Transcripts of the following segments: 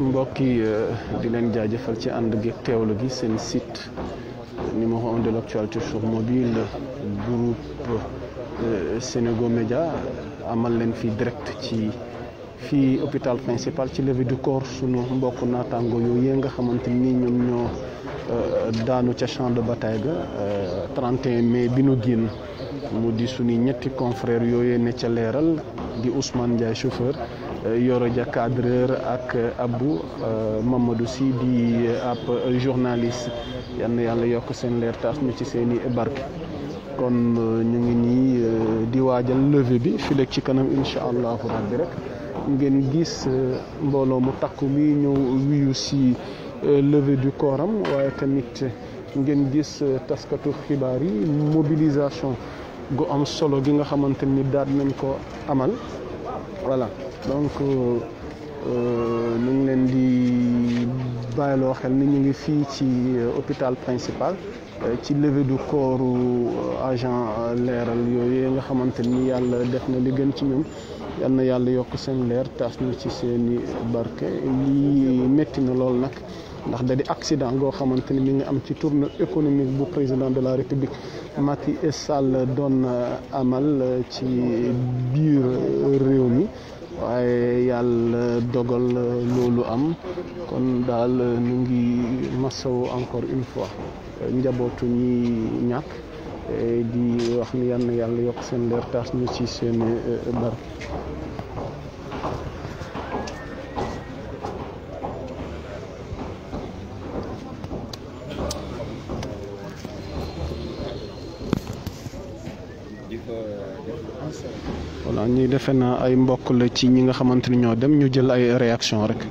mbokk yi euh, di leen jaajëfal ci ànd gi teewlu gi seen site numéro un de l'actualité sur mobile groupe euh, Sénégo Média amal leen fii direct ci fii hôpital principal ci levée du corps sunu mbokk naataango yooyu nga xamante ni ñoom ñoo euh, daanu ca champ de bataille ga 31 mai bi nu génn mu di sunu ñetti confrères yooyu ne ca leeral di Ousmane Ndiaye chauffeur. Euh, Yoro Dia cadreur ak euh, Abdou euh, Mamadou Sy di ab journaliste yal yàlla yokk seen leer taas ñu ci seen i barke kon ñu ngi nii di waajal levée bi fileeg ci kanam incha allahu rabbi rek ngeen gis mbooloo mu takku mi ñëw wuyu si levée du corps waaye tamit ngeen gis taskatu xibaar yi mobilisation gu am solo gi nga xamante ni daal nañ ko amal voilà. donc euh, euh, ñu ngi leen di bàyyiloo xel ni ñu ngi fii ci euh, hôpital principal ci levée du corps agent leeral yooyu nga xamante ni yàlla def na li gën ci ñoom yal na yàlla yokk seen leer taas ñu ci seeni barke lii metti na lool nag ndax da di accident goo xamante ni mi ngi am ci tourne économique bu président de la république Macky Sall doon amal ci biir réew mi waaye yàlla dogal loolu am kon daal ñu ngi masawu encore une fois euh, njabootu ñi ñàkk euh, di wax ni yàlla yokk seen leer taas ñu ci seen euh, barke ñi defe na ay mbokk la ci ñi nga xamante ni ñoo dem ñu jël ay réaction rek.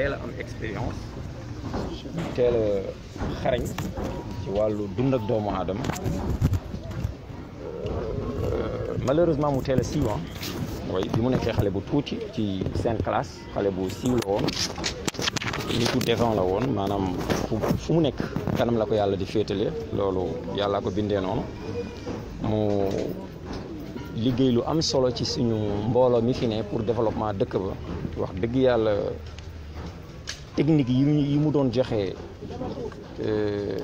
a am expérience. teel a xarañ ci wàllu dund ak doomu aadama euh, malheureusement mu teel a siiw way ah. bi mu nekkee xale bu tuuti ci seen classe xale bu siiw la woon nitu devant la woon maanaam fu mu nekk kanam la ko yàlla di féetale loolu yàllaa ko bindee noonu mu liggéey lu am solo ci suñu mbooloo mi fi ne pour développement dëkk ba wax dëgg yàlla technique yi yi mu doon joxe euh,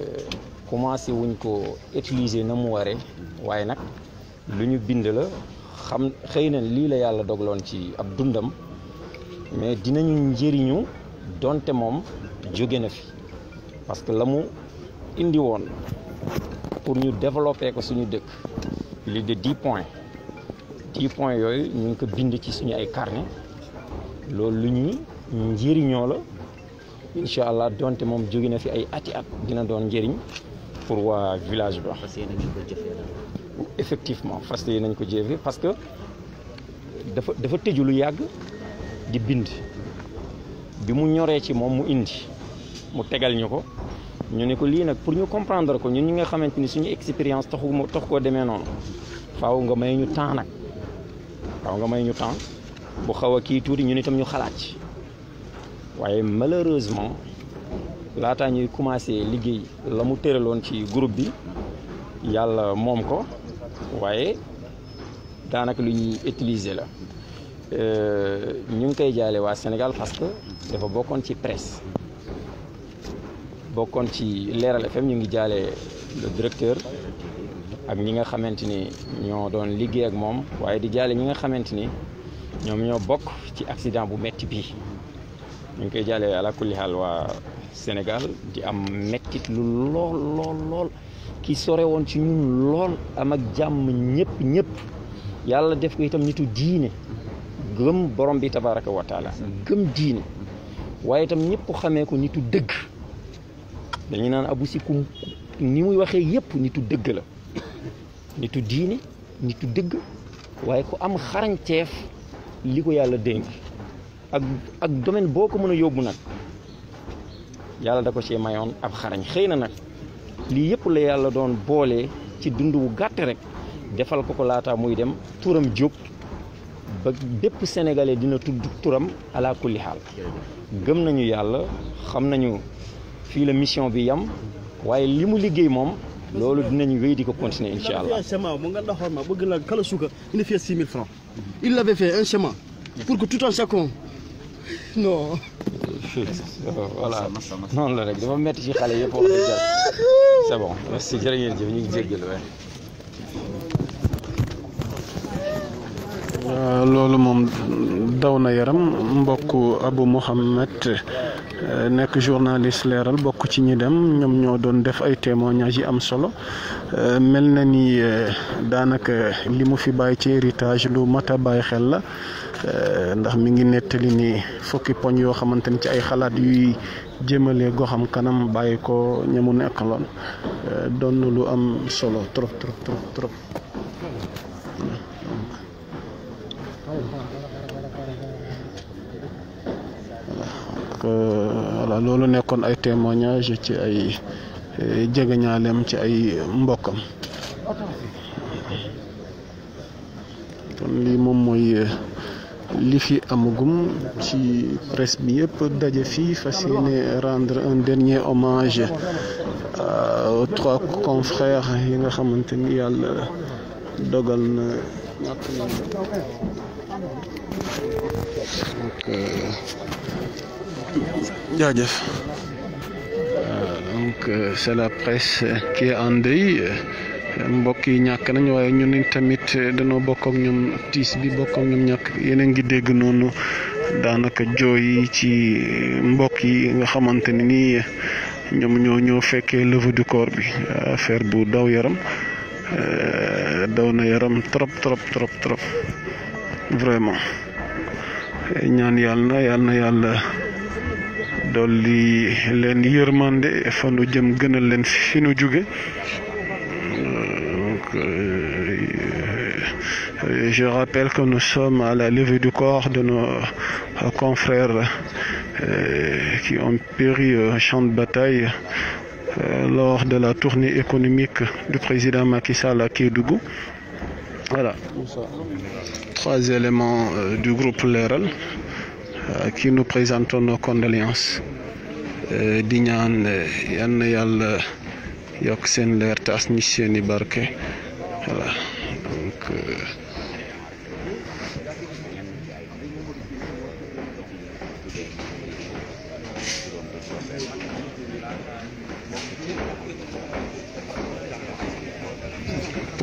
commencé wuñ ko utiliser na mu waree waaye nag lu ñu bind la xam xëy na lii la yàlla dogloon ci ab dundam mais dinañu njëriñu donte moom jóge na fi parce que la mu indi woon pour ñu développer ko suñu dëkk li de dix points dix points yooyu ñu ngi ko bind ci suñu ay carnet loolu lu ñuy njëriñoo la incha allah donte moom jóge na fi ay ati at dina doon njëriñ pour waa village ba effectivement fas yéene nañ ko jëfee parce que dafa dafa tëju lu yàgg di bind bi mu ñoree ci moom mu indi mu tegal ñu ko ñu ne ko lii nag pour ñu comprendre ko ñun ñi nga xamante ni suñu expérience taxu tax koo demee noonu faw nga may ñu temps nag faaw nga may ñu temps bu xaw a kii tuuti ñun itam ñu xalaat ci waaye malheureusement laataa ñuy commencé liggéey la mu tëraloon ci groupe bi yàlla moom ko waaye daanaka lu ñuy utiliser la euh, ñu ngi koy jaale waa Sénégal parce que dafa bokkoon ci presse bokkoon ci Leeral FM ñu ngi jaalee le directeur ak ñi nga xamante ni ñoo doon liggéey ak moom waaye di jaale ñi nga xamante ni ñoom ñoo bokk ci accident bu metti bii ñu koy jàllee ala kulli xaal waa Sénégal di am mettit lu lool lool lool ki sore woon ci ñun lool am ak jàmm ñëpp ñëpp yàlla def ko itam nitu diine gëm borom bi tabaraka wa taala gëm diine waaye itam ñëpp xamee ko nitu dëgg dañu naan abu si kum ni muy waxee yépp nitu dëgg la nitu diine nitu dëgg waaye ku am xarañteef li ko yàlla dénk ak ak domaine boo ko mën a yóbbu nag yàlla da ko ci mayoon ab xarañ xëy na nag lii yëpp la yàlla doon boole ci dund wu gàtt rek defal ko ko laataa muy dem turam jóg ba bépp sénégalais dina tudd turam ala kulli xaal gëm nañu yàlla xam nañu fii la mission bi yam waaye li mu liggéey moom loolu dinañu wéy di ko continuer incha allah. il avait fait un chemin pour que tout un chacun non. voilà la rek dafa metti ci xale yëpp wax euh, loolu moom daw na yaram mbokk Abu Mohamed euh, nekk journaliste leeral bokk ci ñi dem ñoom ñoo doon def ay témoignages yi am solo euh, mel na ni daanaka li mu fi bàyyi ci héritage lu mat a bàyyi xel la. Eh, ndax mi ngi nettali ni fukki poñ yoo xamante ni ci ay xalaat yuy jëmale goxam kanam bàyyi ko ñamu nekkaloon eh, doon na lu am solo trop trop trop trop. Eh, loolu nekkoon ay témoignage ci ay jegeñaaleem ci ay mbokkam kon lii moom mooy li fi amagum ci presse bi yëpp daje fii fas yéene rendre un dernier hommage euh, aux trois confrères yi nga xamante ni yàlla dogal na ñàkk nañu donc euh, jaajëf euh, donc c'est la presse qui est mbokk yi ñàkk nañ waaye ñun tamit dañoo bokk ak ñoom tiis bi bokk ñoom ñàkk yéen a ngi dégg noonu daanaka jooy yi ci mbokk yi nga xamante ni nii ñoom ñoo ñoo fekkee levée du corps bi affaire bu daw yaram euh, daw na yaram trop trop trop trop vraiment ñaan yàlla na yàlla yàlla dolli leen yërmande fanu jëm gënal leen fi nu jóge Je rappelle que nous sommes à la levée du corps de nos euh, confrères euh, qui ont péri au euh, champ de bataille lors de la tournée économique du président Macky Sall à Kédougou. Voilà, trois éléments euh, du groupe Leral qui nous présentent nos condoléances. di yal na yàlla yokk seen leer taas ñi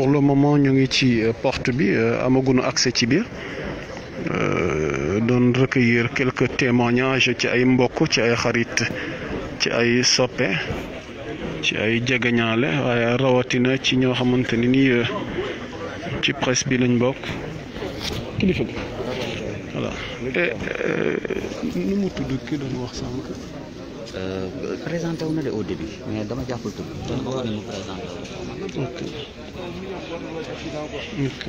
pour le moment ñu ngi ci euh, porte bi euh, amaguñu accès ci biir euh, doon recueillir quelques témoignages ci ay mbokk ci ay xarit ci ay soppe ci ay jegeñaale waaye rawatina ci ñoo xamante ni nii ci presse bi lañ bokk kilifa bi voilà nu mu tudd ki doon wax sànq Euh, présenté wu na de au début mais dama jàppul tur. dama ko war mu présenté wu. ok. ok.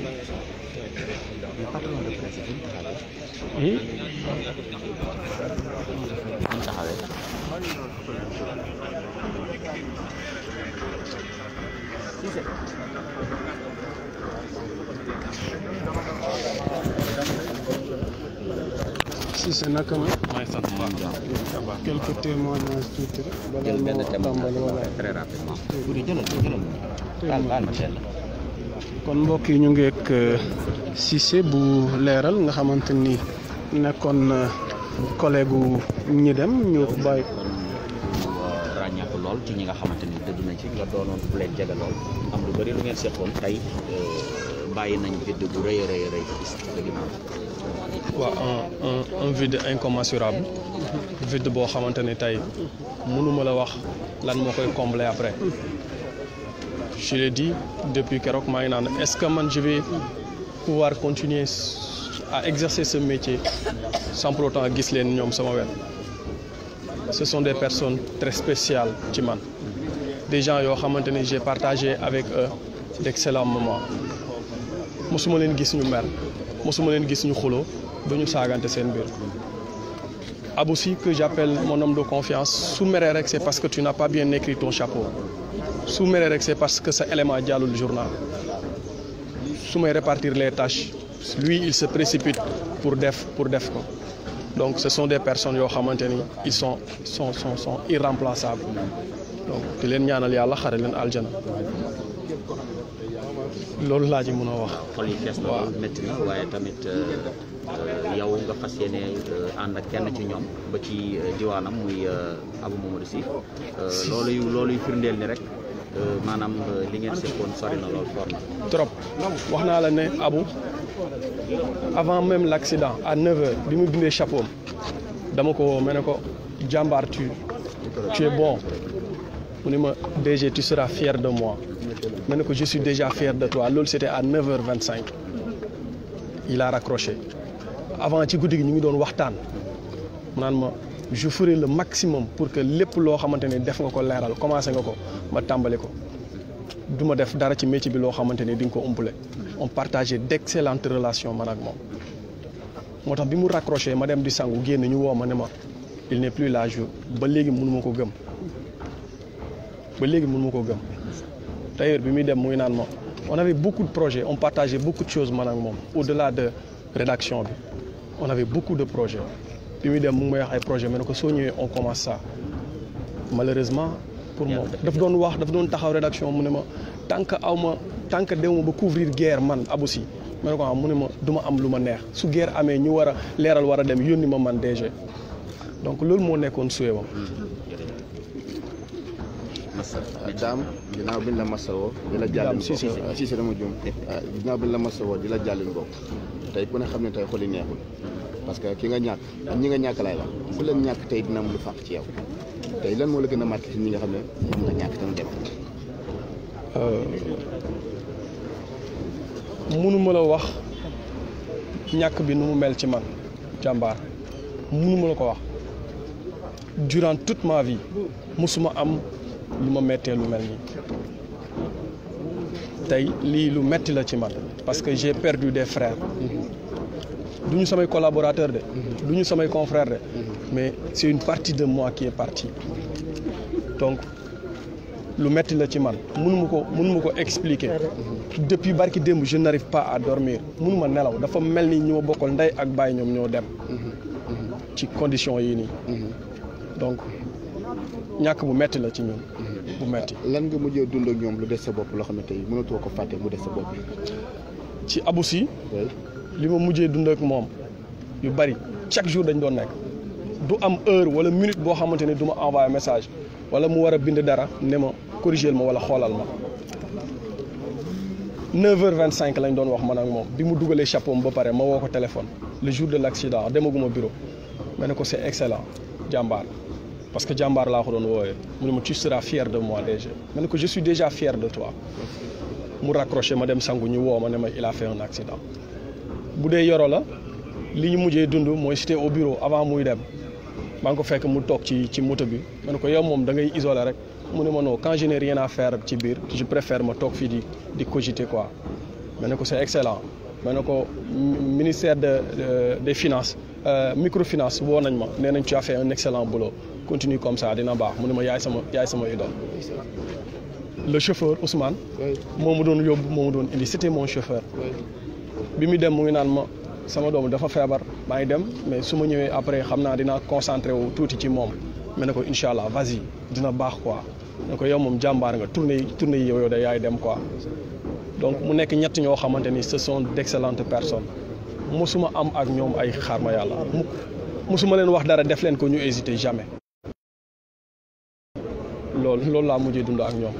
mais patron de presse bi mu taxawee. mu taxawee. si c'est Cissé naka ma. maa ngi sant bu a baax. quelques kon mbokk yi ñu ngi ak euh, Cissé bu leeral nga xamante ni nekkoon euh, collègue gu ñi dem ñu bàyyi. Euh, ràññeeku lool ci ñi nga xamante ni dëdd nañ ci nga doonoon bu leen jege lool am lu bari lu ngeen seqoon tey bàyyi nañ dëdd bu rëy a rëy rëy ci gis waaw un un un vide incommensurable vide boo xamante ne tey mënuma la wax lan moo koy combler après je di depuis keroog maa ngi naan est-ce que man je vais pouvoir continuer à exercer ce métier sans pour autant gis leen ñoom sama wet ce sont des personnes très spéciales ci man des gens yoo xamante ne j'ai avec eux d'excellents moments mosuma leen gis ñu mer mosuma leen gis ñu xuloo ba ñu saagante seen biir Abou Sy que j'appelle mon de confiance su meree rek parce que tu na pas bien écrit ton chapeau su meree rek parce que sa élément jàllul journal su may répartir les tache lui il se précipite pour def pour def ko donc ce son des personnes yoo xamante ni ils sont sont son sont irremplaçables donc di leen ñaanal yàlla xare leen aljana loolu laa ci mën a wax. xol yi fees na loolu métti waaye tamit euh, euh, yow nga fas yéene euh, ànd ak kenn ci ñoom ba ci diwaanam muy Abou Mamadou Sy loolu yu loolu yu firndeel ni rek maanaam li ngeen seqoon sori na lool for trop wax naa la ne abu avant même l' accident à 9h bi mu bindee chapeau dama ko woo ne ko jàmbaar tu bon. mu ne ma DG tu fier de mois ma ne ko je suis déjà fier de toi loolu c'était à 9h25 il a raccroché avant ci guddi gi ñu ngi doon waxtaan mu naan ma je ferai le maximum pour que lépp loo xamante ne def nga ko leeral commencé nga ko ma tàmbali ko du ma def dara ci métier bi loo xamante ne di nga ko umpale on partageait d'excellentes relations man ak moom moo tax bi mu raccroché ma dem di sangu génn ñu woo ma ne ma il n'est plus là jour ba léegi mënu ma ko ba léegi mun ma koo gëm d'ailleurs bi muy dem muy naan ma on avait beaucoup de projets on partageait beaucoup de choses man ak moom au-delà de rédaction bi on avait beaucoup de projet bi muy dem mu ngi may wax ay projet mais ne ko soo ñëwee on commence ça malheureusement pour moom daf doon wax daf doon taxaw rédaction mu ne ma tant que aw ma tant que ma ba couvrir guerre man Aboussi ma ne ko ah mu ne ma du ma am lu ma neex su guerre amee ñu war a leeral war a dem yónni ma man DG donc loolu moo nekkoon suwee wam daam ginnaaw bi ñu la masawoo di la jàllin bokk si si dama juum eh. ah, ginnaaw bi ñu la masawoo di la jàllin bokk tey ku ne xam ne tey xoli neexul parce que ki nga ñàkk ak ñi nga ñàkk laay wax ku leen ñàkk tey dinaa am lu fàq ci yow tey lan moo la gën a marqué ci ñi nga xam ne moom nga ñàkk tam dem euh, mënuma la wax ñàkk bi nu mu mel ci man jàmbaar mënuma la ko wax durant toute ma vie musuma am lu ma méttee lu mel nii tey lii lu metti la ci man parce que j'ai perdu des frères du ñu samay collaborateurs de du ñu samay confrères de mais c'est une partie de mois qui est partie donc lu metti la ci man mënuma ko mënuma ko expliquer depuis barki démb je n'arrive pas à dormir mënuma nelaw dafa mel ni ñu ma bokkal ndey ak bàyyi ñoom ñoo dem ci condition yii nii donc ñàkk bu metti la ci ñun bu metti lan nga mujjee dund ak ñoom lu des sa bopp loo xam ne tey mënatoo ko fàtte mu des sa bopp. ci Abou Sy li ma mujjee dund ak moom yu bari chaque jour dañ doon nekk du am heure wala minute boo xamante ne du envoyé message wala mu war a bind dara ne ma corrigeel ma wala xoolal ma. 9h25 lañ doon wax man ak moom bi mu dugalee chapeau ba pare ma woo ko téléphone le jour de l' accident demaguma bureau ma ne ko c' excellent jàmbaar. parce que jàmbaar laa ko doon wooyee mu ne ma tu seras fier de moi déjà ne ko je suis déjà fier de mu raccroché ma dem sangu ñu woo ma ne ma il a fait un accident bu dee yoro la li ñu mujjee dund mooy cité au bureau avant muy dem maa ngi ko fekk mu toog ci ci moto bi ma ne ko yow moom da ngay isolé rek mu ne ma non quand je n'ai rien à ci biir je préfère ma toog fii di di cogiter quoi ma ne ko c'est excellent ma ne ko ministère de des finances euh, microfinance woo nañ ma nee nañ tu a fait un excellent continue comme ça dina baax mu ne ma yaay sama yaay sama idole le chauffeur Ousmane moo mu doon yóbbu moo mu doon indi c'était mon chauffeur bi mu dem mu ngi naan ma sama doom dafa feebar maa ngi dem mais su ma ñëwee après xam naa dinaa concentré wu tuuti ci moom ma ne ko incha allah vas dina baax quoi ko yow moom jàmbaar nga tournée yi tournée yow da yaay dem quoi donc mu nekk ñett ñoo xamante ni ce sont d'excellentes personne mosuma am ak ñoom ay xarma yàlla mukk leen wax dara def leen ko ñu hésiter jamais loolu loolu laa mujjee dund ak ñoom.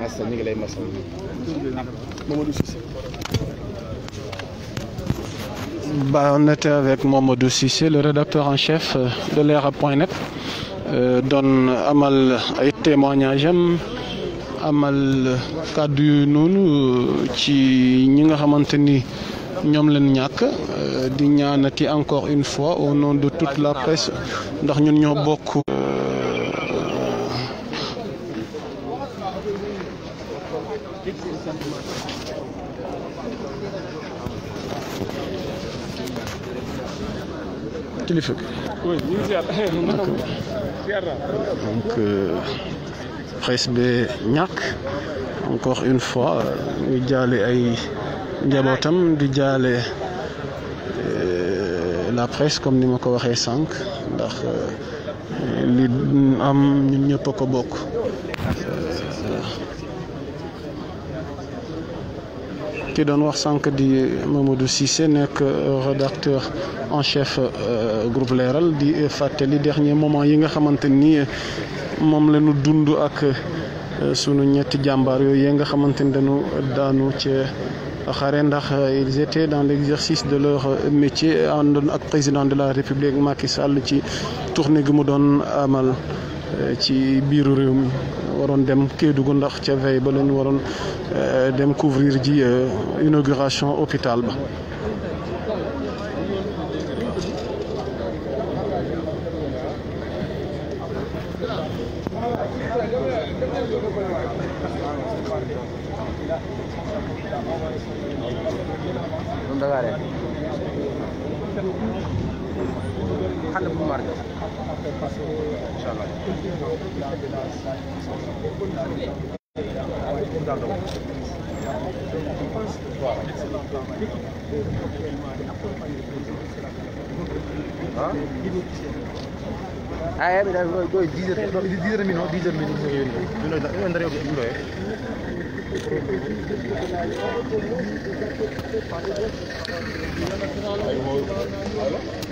Massa ah, ñu ngi lay Massa. Mamadou Cissé. Bah, on était avec Mamadou Cissé le rédacteur en chef euh, de Leral.net euh, doon amal ay témoignages amal kàddu yu noonu euh, ci ñi nga xamante ni ñoom leen ñàkk di ñaanati encore une fois au nom de toute la presse ndax ñun ñoo bokk. kilifa bi. donc presse euh, bi ñàkk une fois ñu jaale ay njabootam di jaale euh, la presse comme ni ma ko waxee sànq ndax euh, li am ñun ñëpp a ko bokk. ki doon wax sànq di Mamadou Cissé nekk euh, rédacteur en chef euh, groupe Leral di fàttali dernier moment yi nga xamante ni moom la ñu dund ak euh, sunu ñetti jàmbaar yooyu yi nga xamante ni dañu daanu ci xare ndax ils étaient dans l'exercice de leur métier àndoon ak président de la République Macky Sall ci tournée gi mu doon amal ci biiru réew mi. waroon dem Kédougou ndax ca veille ba lañu waroon euh, dem couvrir ji euh, inauguration hôpital ba محل بالماركة ان شاء الله Ah, ya, eh, mira, doy 10 heures, doy 10 heures minutos, 10 heures minutos. Yo no, yo andaré con duro, eh. Hello?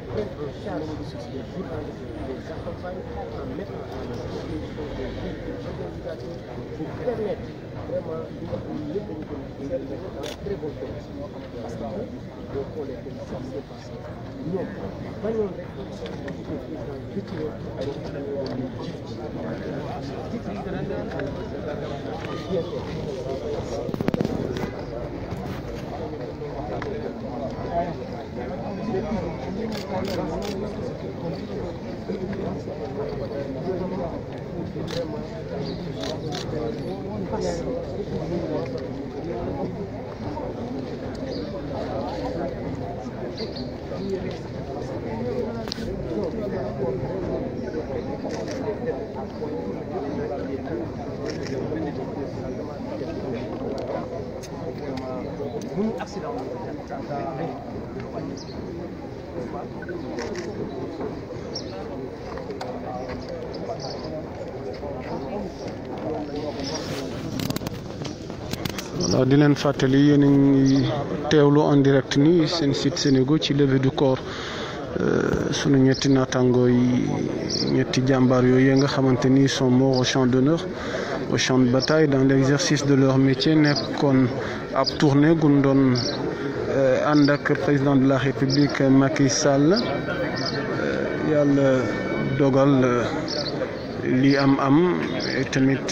prennent en charge les bourgs, les accompagnent en mettant à la disposition des organisations pour permettre vraiment les bonnes dans très bonnes conditions. Parce que donc on les félicite, c'est parce que non, bañoon rek président mënuñ leen fàttali yéen a teewlu en direct nii seen site Sénégo ci levée du corps Euh, sunu ñetti naataangoo yi ñetti jàmbaar yooyu nga xamante ni sont morts au champ d'honneur au champ de bataille dans l'exercice de leur métier nekkoon ab tournée gun doon euh, ànd ak président de la république Macky Sall euh, yàlla dogal li am am tamit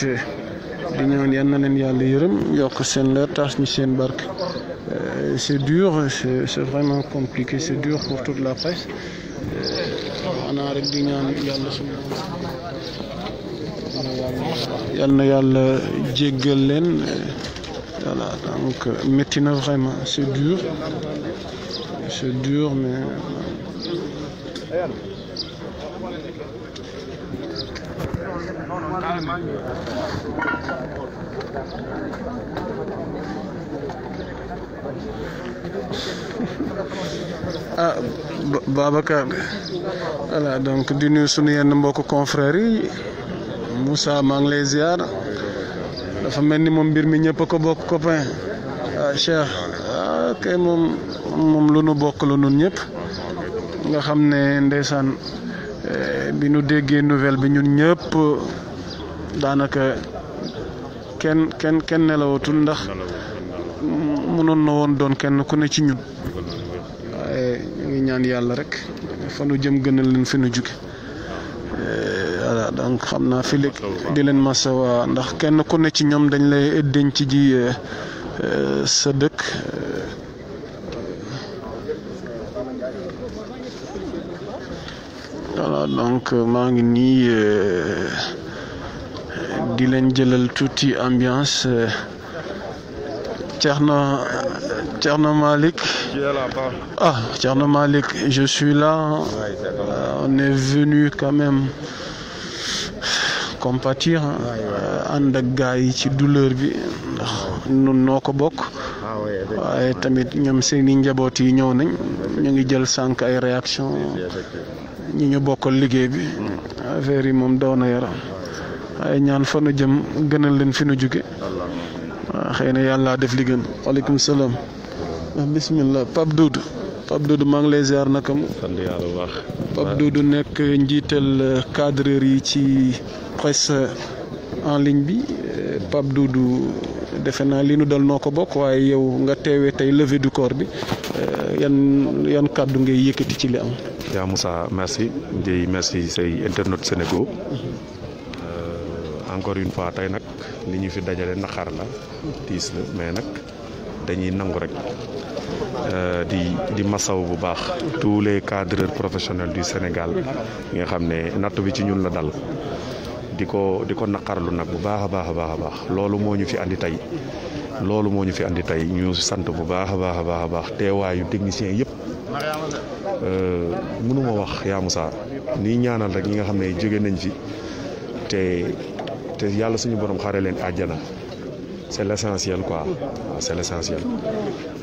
di ñaan yal na leen yàlla yërëm yokk seen leer taas ñu seen barke. Euh, c'est dur, c'est vraiment compliqué, c'est dur pour toute la presse. xanaa euh, rek di ñaan yàlla suñu yàlla na yàlla jéggal leen voilà donc métti na vraiment c'est dur c'est dur mais ah Babacar voilà donc di nuyu sunu yenn mbokk confrères yi Moussa maa ngi lay ziar dafa mel ni moom mbir mi ñëpp a ko bokk copain ah Cheikh ah moom moom lu nu bokk la nun ñëpp nga xam ne ndeysaan eh, bi nu déggee nouvelle bi ñun ñëpp daanaka kenn kenn kenn nelawatul ndax. mënoon na woon doon kenn ku ne ci ñun waaye ñu ngi ñaan yàlla rek fa jëm gënal leen fi nu jóge eh, voilà donc xam naa fi léegi di leen masawa ndax kenn ku ne ci ñoom dañ lay denc ji eh, eh, sa dëkk voilà donc maa ngi nii di leen jëlal tuuti ambiance. Tcherno, na Malik. Ah, Tcherno Malik, je suis là. Euh, on venu quand même compatir euh, ànd ak gars yi ci douleur bi ndax nun noo ko bokk waaye tamit ñoom seeni njaboot yi ñëw nañ ñu ngi jël sànq ay réaction ñu ñu bokkal liggéey bi affaire yi moom daw na yaram waaye ñaan fa nu jëm gënal leen fi nu jóge waaw ah, xëy na yàlla def li gën waaleykum salaam ah, bisimilah Pape Doudou Pape Doudou maa naka mu. sant nekk njiital euh, cadreur yi ci presse euh, en ligne bi euh, Pape Doudou defe naa li nu dal noo ko bokk waaye yow nga teewee tey levée du corps bi yan yan kàddu ngay yëkkati ci li am. yaa Moussa merci di merci say internautes encore une fois tey nag li ñu fi dajale naqar la tiis la mais nag dañuy nangu rek euh, di di masaw bu baax tous les cadreurs professionnels du Sénégal nga xam ne natt bi ci ñun la dal di ko di ko naqarlu nag bu baax a baax a baax a baax loolu moo ñu fi andi tey loolu moo ñu fi andi tey ñu sant bu baax a baax a baax a baax teewaayu technicien yëpp euh, mënuma wax yaa Moussa nii ñaanal rek ñi nga xam ne jóge nañ fi te te yàlla suñu borom xaare leen àjjana c'est l'essentiel quoi waaw ah, c'est l'essentiel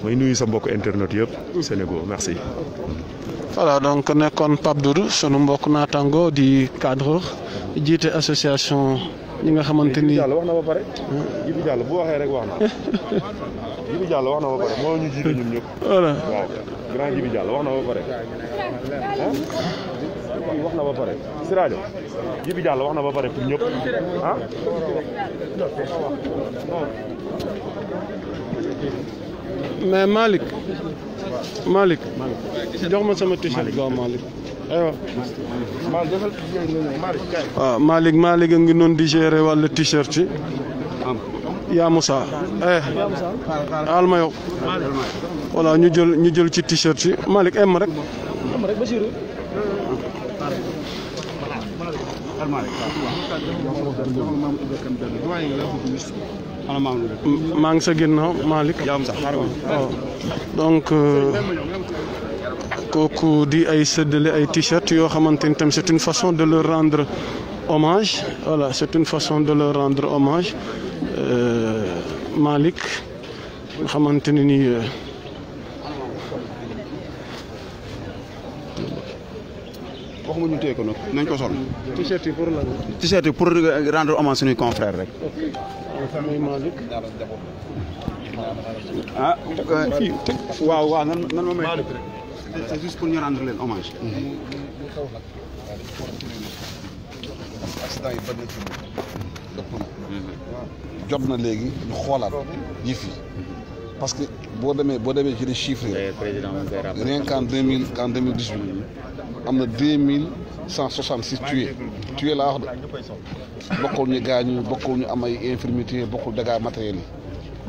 mooy nuyu sa mbokk internet yëpp Sénégal merci. voilà donc nekkoon Pape Doudou sunu mbokk naataango di cadre jiite association ñi nga xamante ni. Djibi Diallo ba pare. Djibi Diallo bu waxee rek wax na Djibi Diallo ñu jiite ñun kii wax na ba pare wax na ba pare pour ñëpp ah mais jox ma sama t-shirt gaaw Malick aywa waaw ah, Malick a ngi noonu di gérer wàllu t-shirt yi yaa Moussa eh al ma ñu jël ñu jël ci t-shirt yi Malick em rek maa ngi sa ginnaaw Malick oh. donc euh, kooku di ay séddale ay t-shirt yoo xamante ni tam c'est une façon de leur rendre hommage voilà c'est une façon de leur rendre hommage euh, Malick nga xamante nii. Euh, waxuma ñu téye ko nag nañ ko sol. t-shirt yi pour lan la. t-shirt yi rendre hommage suñuy confrères rek. ah waaw waaw nan nan ma may. c'est juste pour ñu rendre leen hommage. accident yi bëri na ci jot na léegi ñu xoolaat yi fi parce que. boo demee boo demee ci les chiffres yi eh, rien qu'en deux mille en deux mille dix huit am na deux mille cent soixante six tués tués laa wax de bokkul ñu gaañu bokkul ñu am ay infirmité bokkul dégâts matériels yi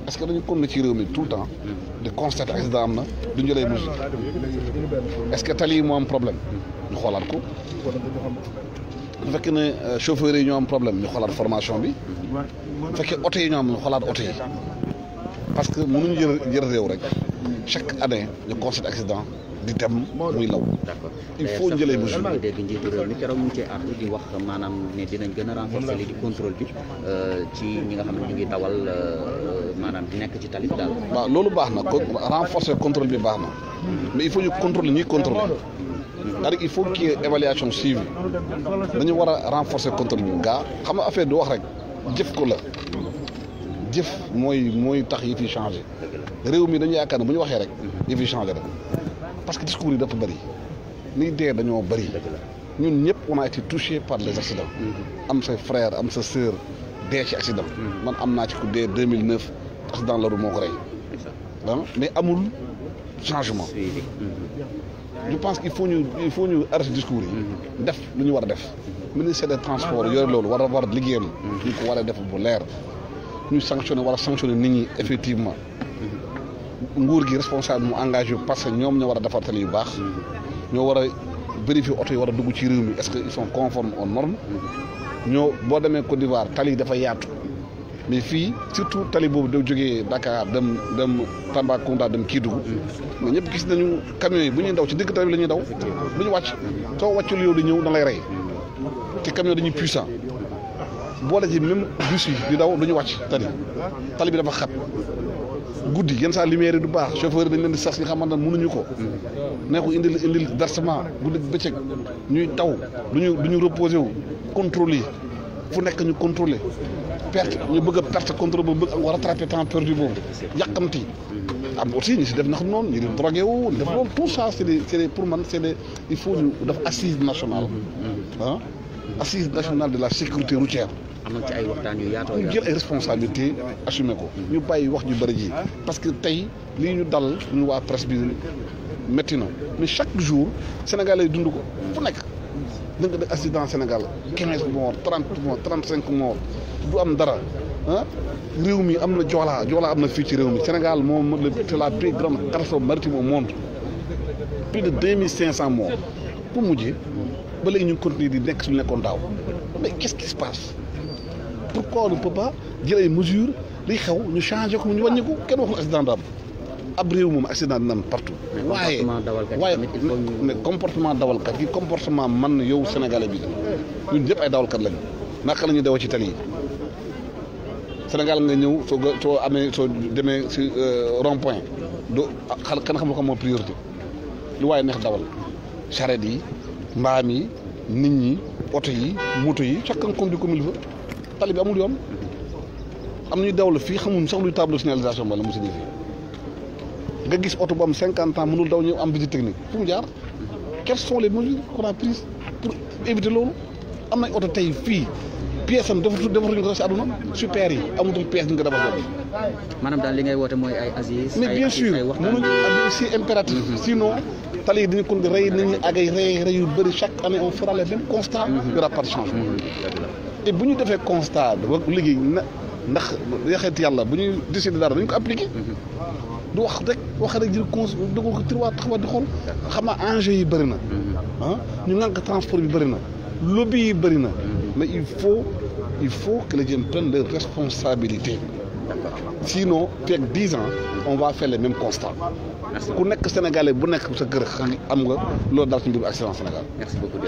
est que dañu kon na ci réew mi tout le temps di constater accident am na duñu jëlee mesure est-ce que tali yi moo am problème ñu xoolaat ko bu fekkee ne euh, chauffeurs yi ñoo am problème ñu xolaat formation bi bu fekkee oto yi ñoo am ñu xoolaat oto yi parce que mënuñu jël jël réew rek chaque année ñu constaté accident di dem muy law. d'accord il faut ñu jëlee mesure. mais dégg njiitu réew wax maanaam ne dinañ gën a renforcer li di contrôle euh, ci ñi nga xam ne ñu ngi dawal euh, maanaam di nekk ci tali bi loolu baax na kon renforcer contrôle bi baax na mais il faut ñu contrôler ñuy contrôler. cest il faut qu'il y ait évaluation dañu war a renforcer contrôle bi gaa xam nga affaire du wax rek jëf ko la. jëf mooy mooy tax yi fi changé réew mi dañu yaakaar ne bu ñu waxee rek yi fi changé rek parce que discours yi dafa bëri ni dee dañoo bëri ñun ñëpp on a été touché par les am sa frère am sa sœur dee ci accident man am naa ci ku dee 2009 accident la ru moo ko rey mais amul changement je pense qu'il faut ñu il faut ñu arrêter discours yi def lu ñu war a def ministère des transports yore loolu war a war liggéeyam ñu ko war def bu leer ñu sanctionné wala sanctionné nit ñi effectivement nguur gi responsable mu engage yu parce que ñoom ñoo war a defar tali yu baax ñoo war a vérifier oto yi war a dugg ci réew mi est-ce que ils sont conformes aux normes ñoo boo demee Côte d'Ivoire tali dafa yaatu mais fii surtout tali boobu de jógee Dakar dem dem Tambacounda dem kii Kédougou mais ñëpp gis nañu camions yi bu ñuy daw ci dëkk tali bi la ñuy daw lu ñu wàcc soo wàccul yow di ñëw da lay rey te camion dañuy puissant boole ci même bus yi di daw du ñu wàcc tali tali bi dafa xat guddi yenn saa lumière du baax chauffeur dañ leen di sas ñu xamante ne mënuñu ko ne ko indil indil versement guddi bëccëg ñuy taw duñu du ñu reposé wu contrôler fu nekk ñu contrôler perte ñu bëgg a perte contrôle boobu bëgg a rattraper temps perdu boobu yàqamti am aussi ñu si def nax noonu ñu di drogué wu def loolu tout ça c'est pour man c'est des il faut ñu def assise nationale ah assise nationale de la sécurité amoon ci ay waxtaan yu yaatoo ñu jël ay responsabilité assumé ko ñu bàyyi wax ju bëri ji parce que tey lii ñu dal ñu waa presse bi métti na mais chaque jour Sénégal lay dund ko fu nekk da nga def accident Sénégal quinze morts trente morts cinq morts du am dara ah réew mi am na joolaa joolaa am na fii ci réew mi Sénégal moom c'est la plus grande catastrophe maritime au monde plus de deux mille cinq cent morts pour mujjee ba ñu continuer di nekk suñu nekkoon daaw mais qu'est-ce qui se passe pourquoi on ne peut pas jël xew ñu changé ko ñu wàññi kenn waxul accident daam ab réew moom accident dina am partout. waaye waaye mais comportement dawalkat yi comportement man yow sénégalais bi ñun ñëpp ay dawalkat lañu naka la ñuy ci tali yi Sénégal nga ñëw soo amee soo demee si euh, rond point do xal kan xam nga ko moo priorité lu waaye neex dawal charrette yi mbaam yi nit ñi oto yi moto yi chacun comme du comme il veut tali bi amul yoon am nañu dawlu fii xamuñ sax luy tableau signalisation wala mu signifie nga gis oto bu am cinquante ans mënul daw ñëw am visite technique fu mu jaar quelles sont les mesures qu'on a prises pour éviter am nañ oto tey fii pièce am defatu defatuñu ko sax si àdduna super yi amutul pièce ñu ko defal loolu. maanaam daal li ngay woote mooy ay Aziz. mais si impératif. Mhm. sinon tali yi dañu ko rey nit ñi rey rey yu bëri chaque année on fera le même constat. Mhm. il y aura pas te bu ñu defee constat ba liggéey na ndax yaxeet yàlla bu ñu décidé dara dañu ko appliqué. du wax rek wax rek jël cons dugg ko tiroir taxawaat di xool. xam nga enjeu yi bëri na. ah ñu nànk transport bi bëri na. lobby yi bëri na. mais il faut il faut que les gens prennent leurs responsabilités. sinon fekk dix ans on va faire les mêmes constats. ku nekk Sénégalais bu nekk sa kër am nga loolu daal ci mbirum accident Sénégal. merci beaucoup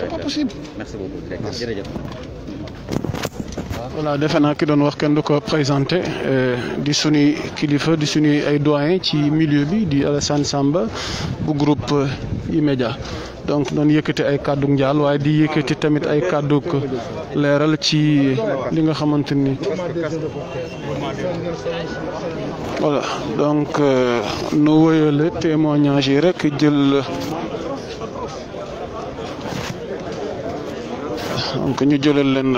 voilà defe naa ki doon wax kenn du ko présenté euh, di suñuy kilifa di suñuy ay doyen ci milieu bi di Alassane bu groupe euh, E-Media donc doon yëkkati ay kàddu njaal waaye di yëkkati tamit ay kàddu leeral ci li nga xamante ni voilà donc euh, nu wëyale témoignage yi jël donc ñu jëlal leen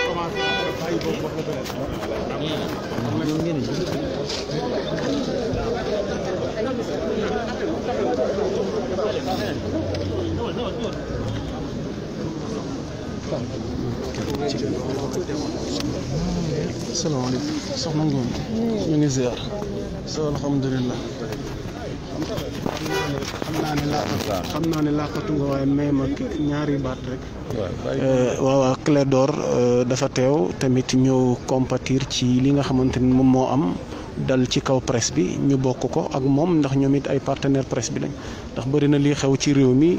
salaamaaleykum soxna Ngom ñu ngi ziar so alhamdulilah xam naa ne laa xam naa ne laaxatu nga ma ñaari baat rek. waaw waaw Clédor euh, dafa teew tamit ñëw compatir ci li nga xamante ni moom moo am. dal ci kaw presse bi ñu bokk ko ak moom ndax ñoom it ay partenaire presse bi lañ ndax bëri na lii xew ci réew mi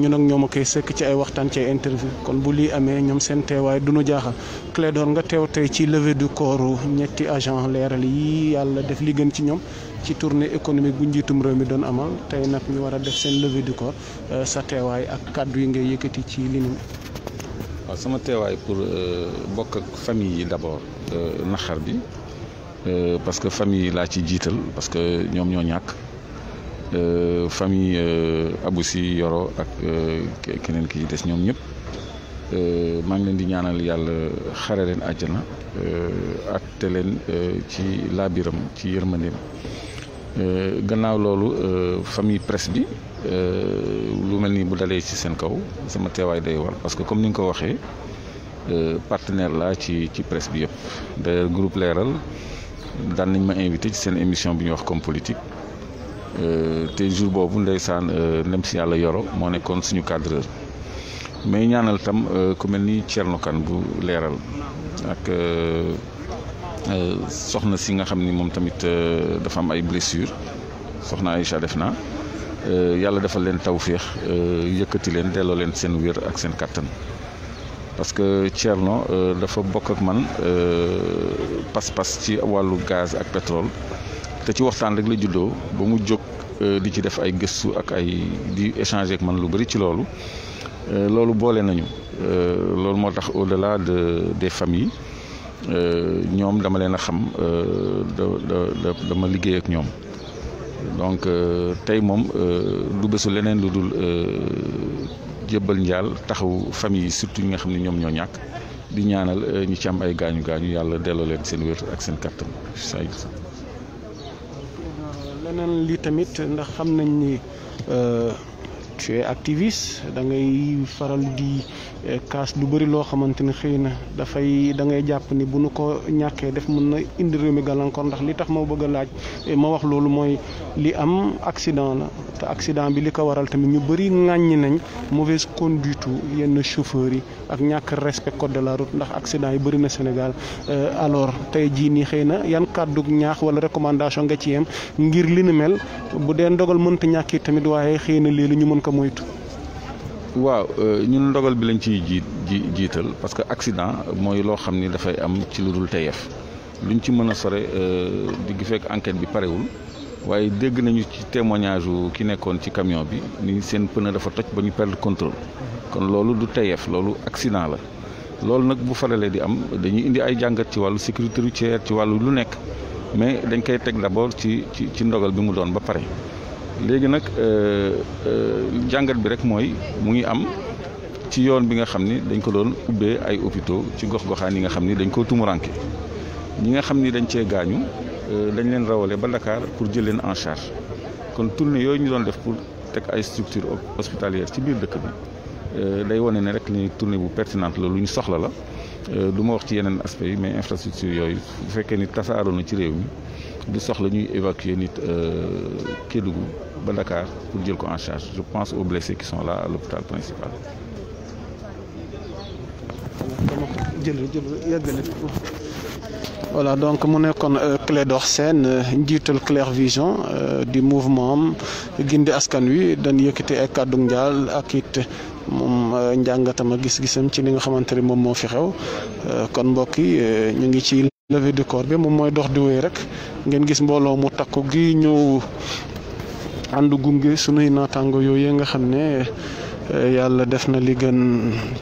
ñun nag ñoom a koy sëkk ci ay waxtaan ci ay interview kon bu lii amee ñoom seen teewaay du nu jaaxal Clédor nga teew tey ci levée du corps ñetti agent leeral yi yàlla def li gën ci ñoom ci tournée économique bu njiitum réew mi doon amal tey nag ñu war a def seen levée du corps euh, sa teewaay ak kàddu yi ngay yëkkati ci li ni sama teewaay pour euh, bokk ak famille yi d'abord euh, naxar bi parce que famille yi laa ci jiital parce que ñoom ñoo ñàkk famille Abou Sy Yoro ak keneen ki des ñoom ñëpp maa ngi leen di ñaanal yàlla xare leen na àtte leen ci laabiram ci yërmandeem Euh, gannaaw loolu euh, famille press bi euh, lu mel ni bu dalee ci seen kaw sama teewaay day war parce que comme ni nga ko waxee partenaire laa ci ci presse bi yëpp d'ailleurs groupe Leeral daan nañ ma invité ci seen émission bi ñuy wax comme politique te jour boobu ndeysaan ndem si yàlla yoro moo nekkoon suñu cadreur mais ñaanal tam ku mel ni Thierno Kane bu Leeral ak. Euh, soxna si nga xam ni moom tamit euh, dafa am ay blessure soxna Aïcha def naa euh, yàlla defal leen tawféex yëkkati leen delloo leen seen wér ak seen kàttan parce que Thierno dafa bokk ak man pas-pas ci wàllu gaz ak pétrole te ci waxtaan rek la juddoo ba mu jóg di ci def ay gëstu ak ay di échanger man lu bëri ci loolu loolu boole nañu loolu moo tax au-delà de des familles Euh, ñoom dama leen a xam euh, da da dama liggéey ak ñoom donc euh, tey moom du bésu leneen lu dul jébbal njaal taxaw fami yi surtout ñi nga xam ne ñoom ñoo ñàkk di ñaanal ñi ci ay gaañu gaañu yàlla delloo leen seen wér ak seen kàttan say leneen li tamit tu es activiste da ngay faral di eh, kaas lu bëri loo xamante ni xëy na dafay da ngay jàpp ni bu nu ko ñàkkee def mën na indi réew mi gàllankoor ndax li tax ma bëgg a laaj eh, ma wax loolu mooy li am accident la te accident bi li ko waral tamit ñu bëri ŋàññi nañ mauvaise conduite yenn chauffeurs yi ak ñàkk respect code de la route ndax accident yi bëri na Sénégal eh, alors tey jii nii xëy na yan kàddu ñaax wala recommandation nga ci yem ngir li ni mel bu dee ndogal mënta ñàkk ko moytu. waaw euh, ñun ndogal bi lañ ciy jiit ji jiital parce que accident mooy loo xam ni dafay am ci lu dul teyeef luñ ci mën a sore euh, digg fekk enquête bi parewul waaye dégg nañu ci témoignage wu ki nekkoon ci camion bi ni seen a dafa toj ba ñu perdre contrôle kon loolu du teyef loolu accident la loolu nag bu faralee di am dañuy indi ay jàngat ci wàllu sécurité ci wàllu lu nekk mais dañ koy teg d'abord ci ci ci ndogal bi mu doon ba pare léegi nag euh, euh, jàngat bi rek mooy mu ngi am ci yoon bi nga xam ni dañ ko doon ubbee ay hôpitaux ci gox-goxaan yi nga xam ni dañ koo tumuranke ñi nga xam ni dañ cee gaañu euh, dañ leen rawale ba Dakar pour jël leen en charge kon tournée yooyu ñu doon def pour teg ay structure hospitalière ci biir dëkk bi day wane ne rek ni tournée bu pertinente la lu ñu soxla la du ma wax ci yeneen aspect yi mais infrastructure yooyu bu fekkee ni tasaaroo na ci réew mi du soxla ñuy évacuer nit euh, Kédougou ba Dakar pour jël ko en charge je pense aux blessés qui sont là à l'hôpital principal. voilà donc mu nekkoon euh, Clédor Sène euh, njiital Clair Vision di mouvement am gindi askan wi dañ yëkkati ay kàddu njaal ak it moom njàngatama gis-gisam ci li nga xamante ne moom moo fi xew kon mbokk yi ñu ngi ci. levée du corps bi moom mooy dox di wéy rek ngeen gis mbooloo mu takku gi ñëw ànd gunge sunuy naataango yooyu nga xam ne eh, yàlla def na li gën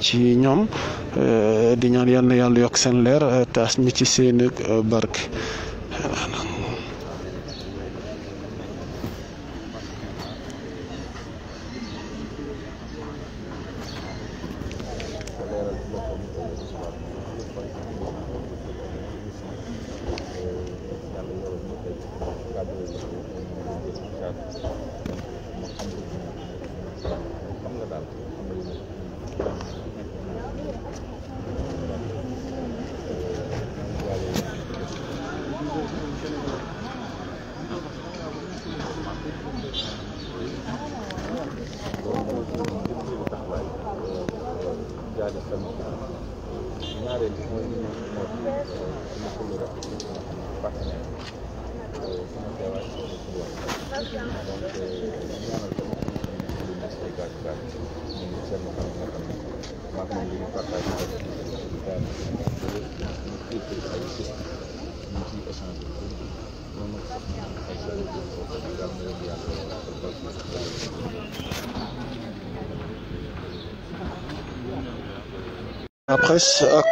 ci ñoom eh, di ñaan yal yàlla yokk seen leer eh, taas ñi ci seen bark la presse ak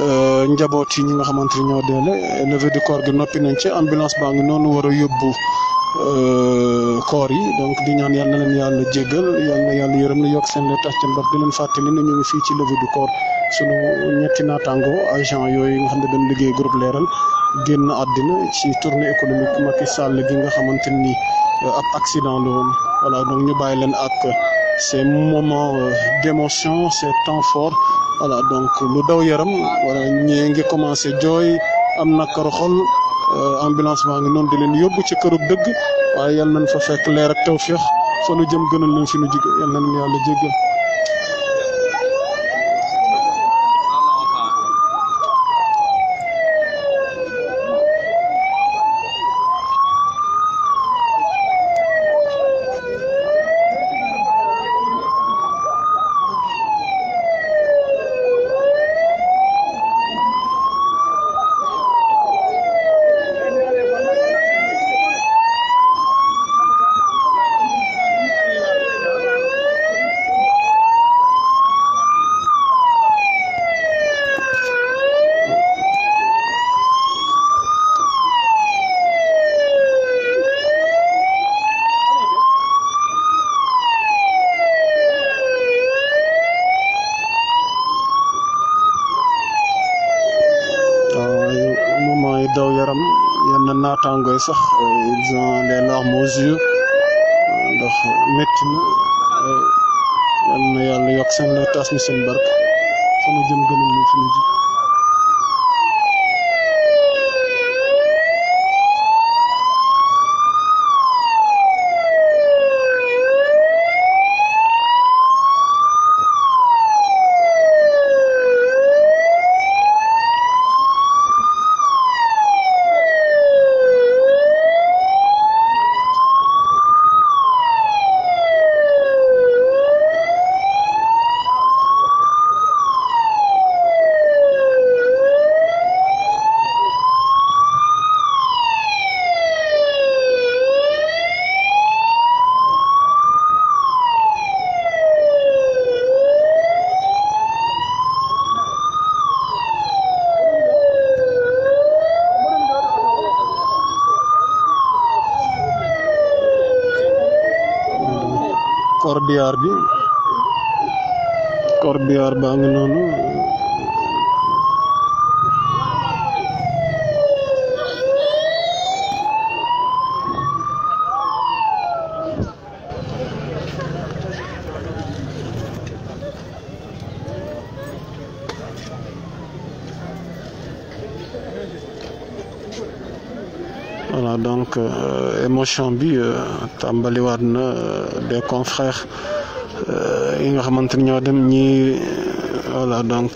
euh, njaboot yi ñi nga xamante ni ñoo deele levée du corps gi noppi nañ ci ambulance baa ngi noonu war a yóbbu euh, corps yi donc di ñaan yal na leen yàlla jéggal yal na yàlla yërëm na yokk seen le tax ci mbar di leen fàttali ne ñu ngi fii ci levée du corps sunu ñetti naataango agent yooyu nga xam ne dañ liggéey groupe leeral génn àddina ci tournée économique Macky Sall gi nga xamante ni euh, ab accident la woon donc ñu bàyyi leen ak ces moments euh, d'émotion ces temps forts voilà donc lu daw yaram wala ñee ngi commencé jooy am na kër xol euh, ambulance baa ngi noonu di leen yóbbu ci këru dëgg waaye yal nañ fa fekk leer ak tawféex fa nu jëm gënal leen fi nu jóge yal nañ yàlla jéggal naataangoo yi sax euh, ils ont les larmes aux yeux euh, ndax euh, métti yal na yàlla yokk seen tas sama jëm gënal ñu fi ñu ji corbillard bi corbillard baa ngi noonu promotion bi euh, tàmbaliwaat na euh, des confrères euh, yi nga xamante ni ñoo dem ñi voilà donc.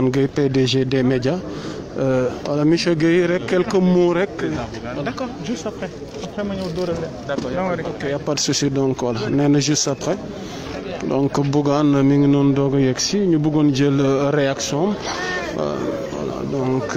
Bougane Gueye des médias voilà euh, monsieur Gueye rek quelques mots donc voilà nee na juste mi ngi noonu doog a si ñu bëggoon jël euh, réaction euh, donc.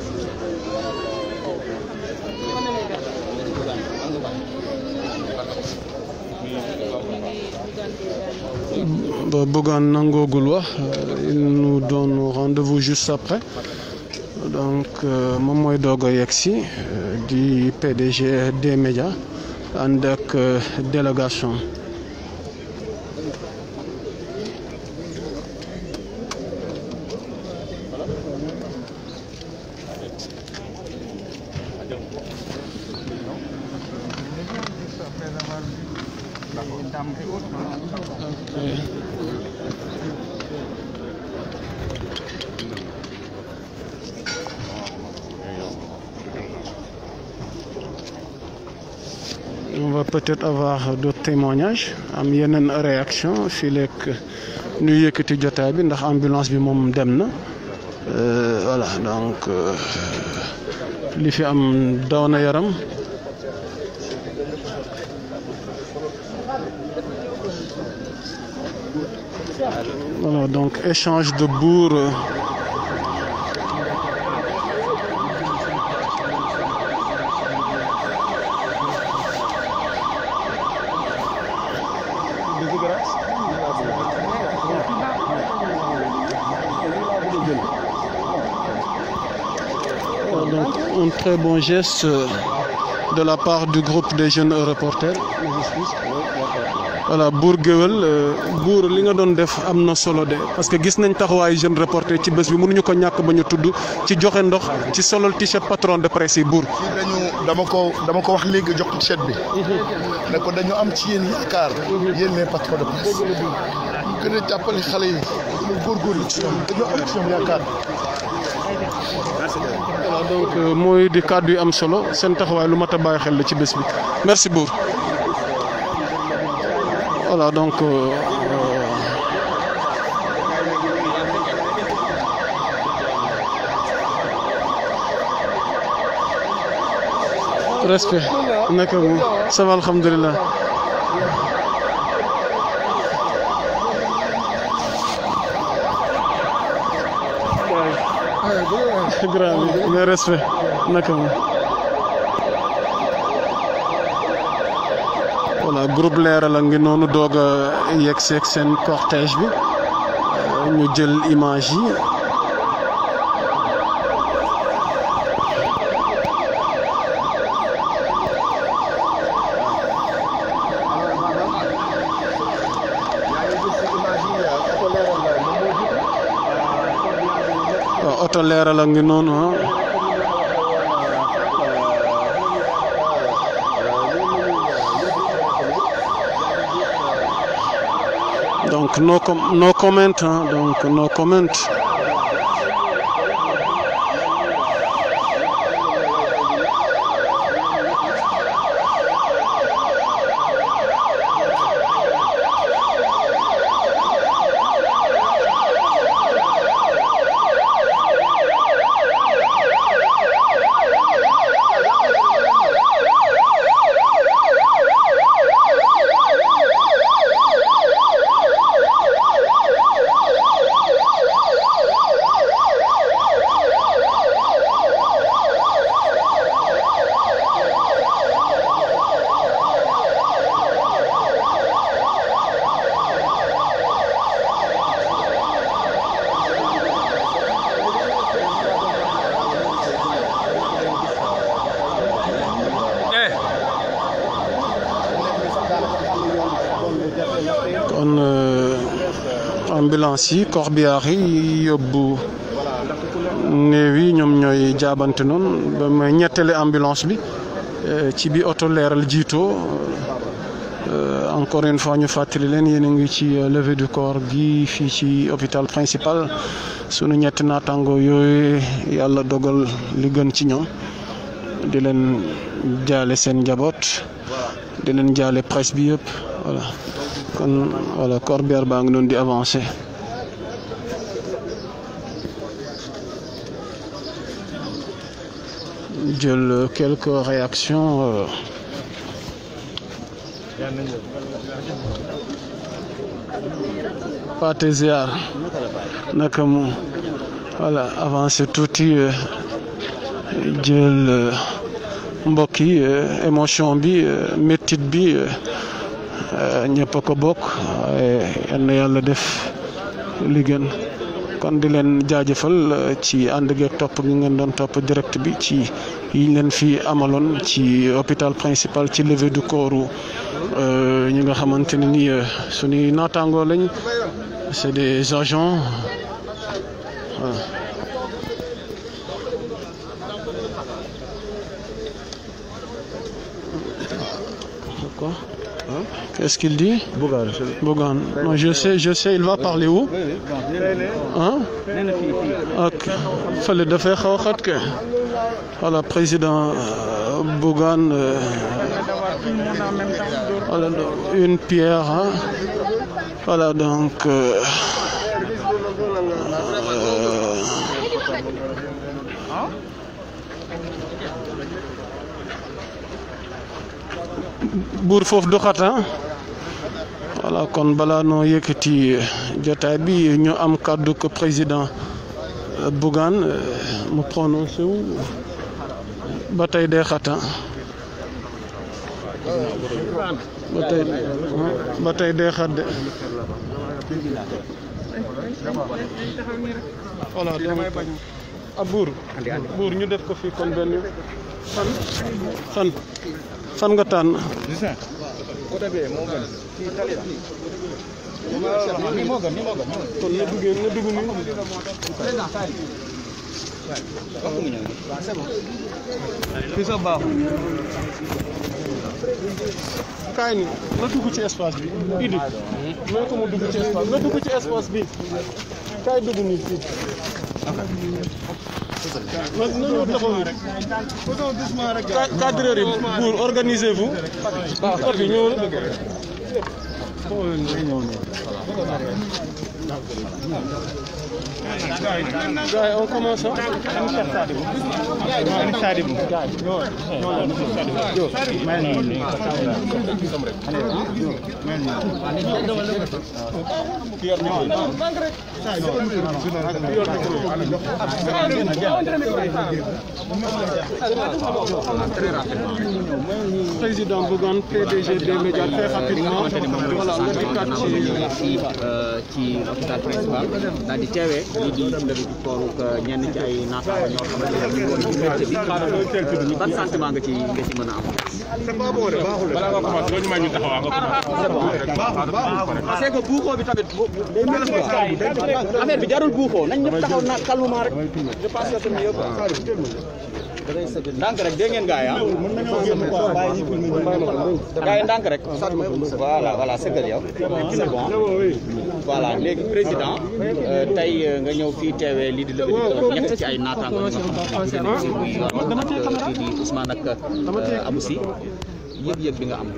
ba Bougane nangoogul wax euh, il nous donne rendez-vous juste après donc euh, moom mooy doog a yegg si euh, di PDG d média ànd ak délégation peut-être avoir d'autres témoignages am yeneen réaction fii lekk ñuy yëkkati jotaay bi ndax ambulance bi moom dem na euh, voilà donc euh, li fi am daw na yaram voilà donc échange de bourre très bon geste euh, de la part du groupe des jeunes reporters voilà buur géwél euh, buur li nga doon def am na solo de parce que gis nañ taxawaayu jeune reporter ci bés bi mënuñu ko ñàkk ba ñu tudd ci joxe ndox ci solo t-shirt patron de presse yi buur. dama ko dama ko wax léegi jox t-shirt bi. ne ko dañu am ci yéen yaakaar. yéen les patrons de presse. gën a jàppale xale yi. ñu góorgóorlu ci ñoom dañoo am ci ñoom yaakaar. waaw donc euh, mooy di kàddu yu am solo seen taxawaay lu mat a bàyyi xel la ci bés bi merci buur voilà donc. Euh, respect naka mu ça va grand bi le respect naka moom voilà groupe Leral a ngi noonu doog a yegg seeg seen cortège bi euh, ñu jël image yi. mat a leeral a ngi noonu ah. donc no com ah. donc no comment fas yi yi yóbbu néew yi ñoom ñooy jaabante noonu ba may ñetteele ambulance bi eh, ci bi oto leeral jiitoo eh, encore une fois ñu fàttali leen yéen a ngi ci eh, levée du corps gi fii ci hôpital principal sunu ñetti naataango yooyu yàlla dogal li gën ci ñoom di leen jaale seen njaboot di leen jaale presse bi yëpp voilà kon voilà baa ngi doon di avancer. jël quelques réactions. Euh. Pate ziar naka mu voilà tuuti euh, jël euh, mbokk émotion bi métit bi ñëpp a ko bokk waaye na yàlla def li kon di leen jaajëfal euh, ci ànd geeg topp gi ngeen doon topp direct bi ci yiñ leen fi amaloon ci hôpital principal ci lever du corps euh, ñi nga xamante ne ni euh, suñuy naataangoo lañ c'est des agents Qu'est-ce qu'il dit Bougane. je sais, je sais, il va parler où Ok. Fallait de faire que. Voilà, président euh, Bougane. Euh, voilà, une pierre. Hein? donc. Euh, euh, buur foofu doxat voilà kon balaa noo yëkkati jotaay bi ñu am kàddu ko président euh, Bougane euh, mu prononcé ba tey dee xata ba tey ba tey dee xat de voilà ah, buur ñu def ko fii kon benn fan fan fan nga tànn. kon na duggee na dugg nii. kaay ni na dugg ci espace bi idi may ko mu dugg ci espace na dugg ci espace bi kaay dugg nii fii cadreur yi buur organisez vous waaw xar bi ñëw na ñëw na gars on commence hein Ani Sadibou Président Bougane, PDG des médias, très rapidement. Voilà, le ci hôpital principal daal di teewee lii di kooruk ñenn ci ay naataango ñoo xamante ne ñu ci métier bi ban sentiment nga ci nga ci mën a am. balaa nga commencé loolu ñu may ñu taxawaa nga commencé. parce que buuxoo bi tamit affaire bi jarul buuxoo nañ ñëpp taxaw na calmement rek je ndànk rek dégg ngeen gars yi ah. ndànk rek. voilà voilà sëgal yow. c'est léegi président euh, tey euh, nga ñëw fii teewee lii di lëkkal di ñett ci ay naataango ñu nga euh, di Ousmane ak bi nga am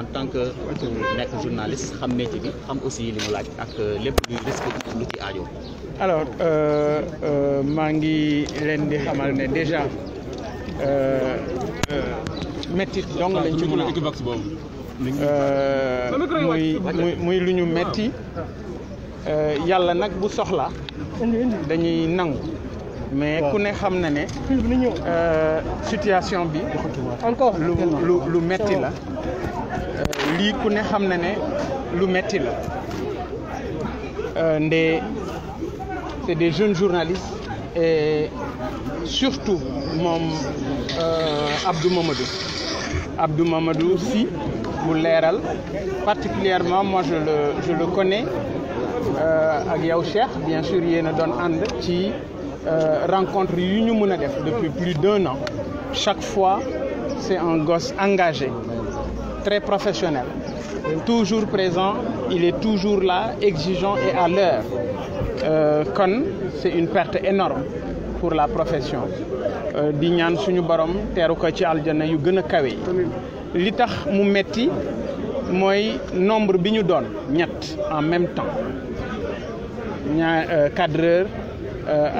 en tant que nekk journaliste xam métier bi xam aussi li mu laaj ak lépp luy risque lu ci aajo. alors euh, euh, maa ngi leen di xamal ne déjà euh, méttit dong lañ ci mën a muy muy lu ñu metti yàlla nag bu soxla dañuy nangu mais ku ne xam na ne situation bi encore lu lu lu metti la lii ku ne xam na ne lu metti la nde c'est des jeunes journalistes et surtout moom euh, Abdou Mamadou Abdou Mamadou si bu leeral particulièrement moi je le je le connais euh, ak yow Cheikh bien sûr yéen a doon ànd ci euh, rencontre yu ñu mën a def depuis plus d'un an chaque fois c'est un gos engagé très professionnel toujours présent il est toujours là exigeant et à l'heure euh, kon euh, c'est une perte énorme pour la profession euh, di ñaan suñu borom teeru ko ci aljana yu gën a kawe li tax mu metti mooy nombre bi ñu doon ñett en même temps ñaa euh, cadreur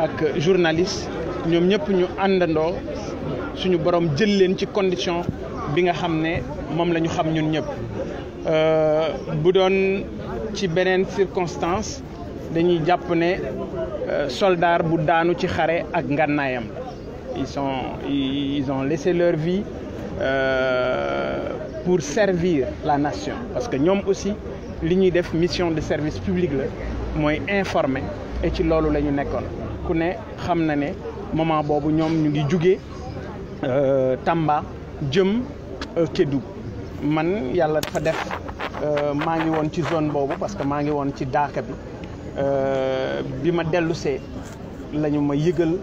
ak journaliste ñoom ñëpp ñu àndandoo suñu borom jël leen ci condition bi nga xam ne moom la ñu xam ñun ñëpp euh, bu doon ci beneen circonstance dañuy jàpp ne euh, soldat bu daanu ci xare ak ngànnaayam la ils sont ils ont laissé leur vie euh, pour servir la nation parce que ñoom aussi li ñuy def mission de service public la mooy informer et ci loolu la ñu nekkoon ku ne xam na ne moment boobu ñoom ñu ngi jugee Tamba jëm euh, Kédougou man yàlla dafa def euh, maa ngi woon ci zone boobu parce que maa ngi woon ci daaka bi euh, bi ma dellusee lañu ma yëgal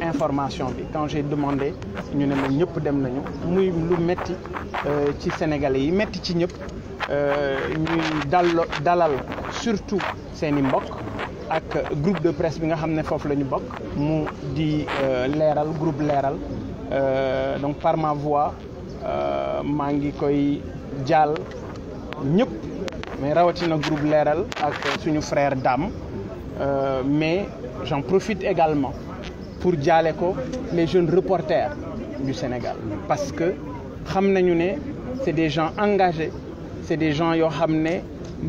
information bi quand j'ai ñu ne ma ñëpp dem nañu muy lu metti ci sénégalais yi metti ci ñëpp ñuy dallo dalal surtout seen i mbokk ak groupe de presse bi nga xam ne foofu la ñu bokk mu di leeral groupe leeral Euh, donc par ma voix euh, maa ngi koy jaal ñëpp mais rawatina groupe leeral ak suñu frère Dame euh, mais j'en profite également pour jaale ko les jeunes reporters du Sénégal parce que xam nañu ne c'est des gens engagés c'est des gens yoo xam ne